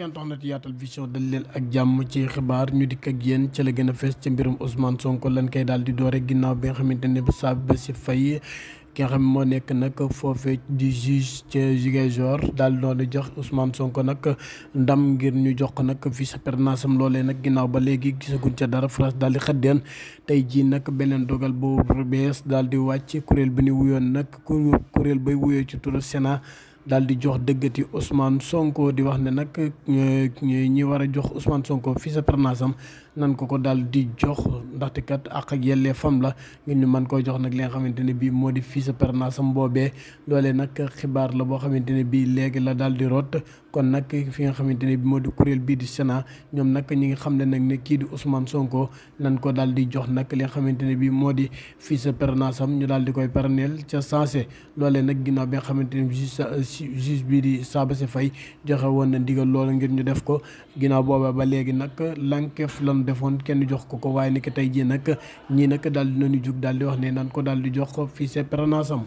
mbokk internet yaatal vision dal leen ak jàmm ci xibaar ñu dikk ak yéen ci la gën a fees ci mbirum osmaan Sonko lañ koy daal di doore ginnaaw bi nga xamante ne Sadio Bassi Faye ki nga xam moo nekk nag foofee di juge ca Ziguinchor daal doon jox osmaan Sonko nag ndam ngir ñu jox ko nag vice président am loolee nag ginnaaw ba léegi gisaguñ ca dara France daal di xëddeen tey jii nag beneen dogal boobu bees daal di wàcc kuréel bi ni wuyoon nag kuréel bay wuy ci turu Sénat. daal di jox dëggati Ousmane Sonko di wax ne nag euh, ñi war a jox Ousmane Sonko fii sa parnasam nan ko ko daal di jox ndaxte kat ak ak yellee fam la ngir ñu mën koy jox nag li nga xamante ne bii moo di fiche parrainage am boobee loolee nag xibaar la boo xamante ne bii léegi la daal di rot kon nag fi nga xamante ne bii moo di kuréel bii di Sénat ñoom nag ñi ngi xam ne nag ne kii di Ousmane Sonko nan ko daal di jox nag li nga xamante ne bii moo di fiche parrainage am ñu daal di koy parrainel ca sensé loolee nag ginnaaw bi nga xamante ne juge bii di Sabassy Faye joxe woon na ndigal loolu ngir ñu def ko ginnaaw booba ba léegi nag lankef lan defoon kenn jox ko ko waaye ni que tey jii nag ñii nag daal di nañu jug daal di wax ne nan ko daal di jox fii c'est prenant